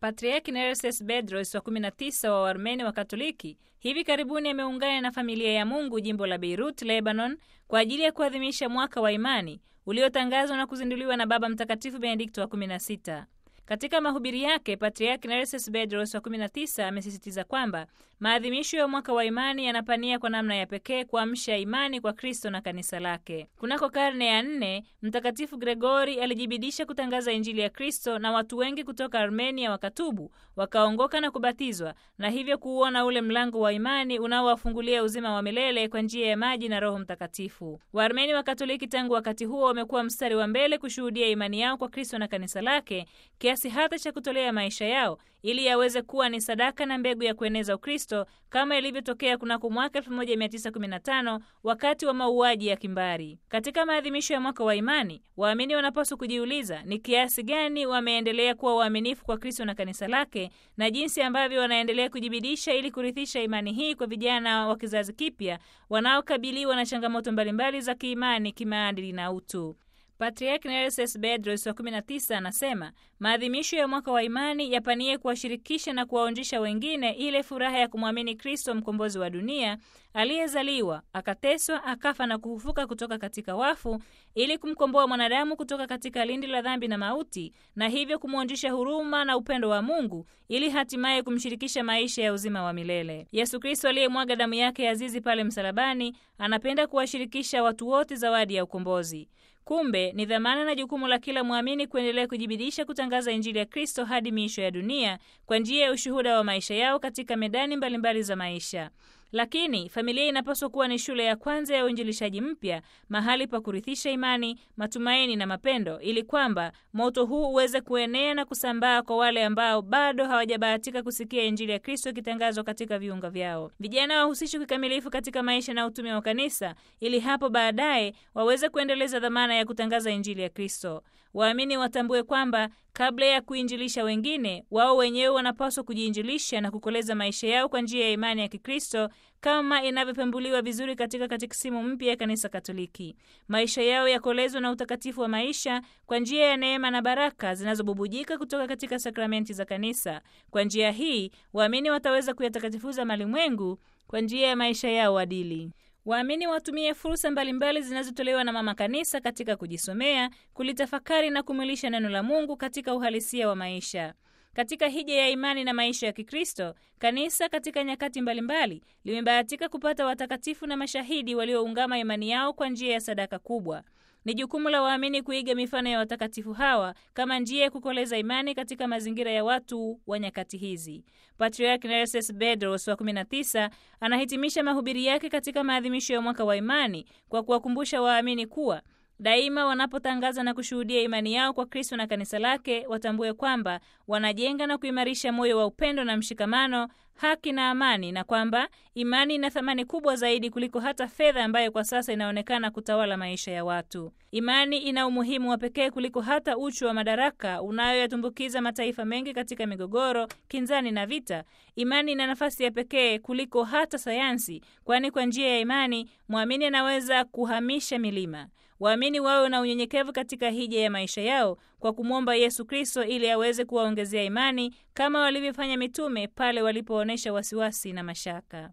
Patriaki Nerses Bedros wa 19 wa Armeni wa Katoliki hivi karibuni ameungana na familia ya Mungu jimbo la Beirut, Lebanon, kwa ajili ya kuadhimisha mwaka wa imani uliotangazwa na kuzinduliwa na Baba Mtakatifu Benedikto wa 16. Katika mahubiri yake, Patriarki Nerses Bedros wa 19 amesisitiza kwamba maadhimisho ya mwaka wa imani yanapania kwa namna ya pekee kuamsha imani kwa Kristo na kanisa lake. Kunako karne ya nne, Mtakatifu Gregori alijibidisha kutangaza Injili ya Kristo na watu wengi kutoka Armenia wakatubu, wakaongoka na kubatizwa, na hivyo kuuona ule mlango wa imani unaowafungulia uzima wa milele kwa njia ya maji na Roho Mtakatifu. Waarmeni wa Katoliki tangu wakati huo wamekuwa mstari wa mbele kushuhudia imani yao kwa Kristo na kanisa lake kiasi kiasi hata cha kutolea maisha yao ili yaweze kuwa ni sadaka na mbegu ya kueneza Ukristo kama ilivyotokea kunako mwaka 1915 wakati wa mauaji ya kimbari. Katika maadhimisho ya mwaka wa imani, waamini wanapaswa kujiuliza ni kiasi gani wameendelea kuwa waaminifu kwa Kristo na kanisa lake na jinsi ambavyo wanaendelea kujibidisha ili kurithisha imani hii kwa vijana wa kizazi kipya wanaokabiliwa na changamoto mbalimbali za kiimani, kimaadili na utu. Patriark Nereses Bedros wa 19 anasema maadhimisho ya mwaka wa imani yapanie kuwashirikisha na kuwaonjesha wengine ile furaha ya kumwamini Kristo mkombozi wa dunia aliyezaliwa, akateswa, akafa na kufufuka kutoka katika wafu ili kumkomboa mwanadamu kutoka katika lindi la dhambi na mauti, na hivyo kumwonjesha huruma na upendo wa Mungu ili hatimaye kumshirikisha maisha ya uzima wa milele. Yesu Kristo aliyemwaga damu yake azizi pale msalabani anapenda kuwashirikisha watu wote zawadi ya ukombozi. Kumbe ni dhamana na jukumu la kila mwamini kuendelea kujibidisha kutangaza Injili ya Kristo hadi miisho ya dunia kwa njia ya ushuhuda wa maisha yao katika medani mbalimbali mbali za maisha. Lakini familia inapaswa kuwa ni shule ya kwanza ya uinjilishaji mpya, mahali pa kurithisha imani, matumaini na mapendo, ili kwamba moto huu uweze kuenea na kusambaa kwa wale ambao bado hawajabahatika kusikia Injili ya Kristo ikitangazwa katika viunga vyao. Vijana wahusishwe kikamilifu katika maisha na utume wa kanisa, ili hapo baadaye waweze kuendeleza dhamana ya kutangaza Injili ya Kristo. Waamini watambue kwamba kabla ya kuinjilisha wengine, wao wenyewe wanapaswa kujiinjilisha na kukoleza maisha yao kwa njia ya imani ya Kikristo kama inavyopembuliwa vizuri katika katekisimu mpya ya Kanisa Katoliki. Maisha yao yakolezwa na utakatifu wa maisha kwa njia ya neema na baraka zinazobubujika kutoka katika sakramenti za Kanisa. Kwa njia hii, waamini wataweza kuyatakatifuza malimwengu kwa njia ya maisha yao adili. Waamini watumie fursa mbalimbali zinazotolewa na Mama Kanisa katika kujisomea, kulitafakari na kumwilisha neno la Mungu katika uhalisia wa maisha. Katika hija ya imani na maisha ya Kikristo, kanisa katika nyakati mbalimbali limebahatika kupata watakatifu na mashahidi walioungama imani yao kwa njia ya sadaka kubwa. Ni jukumu la waamini kuiga mifano ya watakatifu hawa kama njia ya kukoleza imani katika mazingira ya watu wa nyakati hizi. Patriarch Nerses Bedros wa 19 anahitimisha mahubiri yake katika maadhimisho ya mwaka wa imani kwa kuwakumbusha waamini kuwa Daima wanapotangaza na kushuhudia imani yao kwa Kristo na kanisa lake, watambue kwamba wanajenga na kuimarisha moyo wa upendo na mshikamano haki na amani, na kwamba imani ina thamani kubwa zaidi kuliko hata fedha ambayo kwa sasa inaonekana kutawala maisha ya watu. Imani ina umuhimu wa pekee kuliko hata uchu wa madaraka unayoyatumbukiza mataifa mengi katika migogoro, kinzani na vita. Imani ina nafasi ya pekee kuliko hata sayansi, kwani kwa njia ya imani mwamini anaweza kuhamisha milima. Waamini wawe na unyenyekevu katika hija ya maisha yao kwa kumwomba Yesu Kristo ili aweze kuwaongezea imani kama walivyofanya mitume pale walipo kuonyesha wasiwasi na mashaka.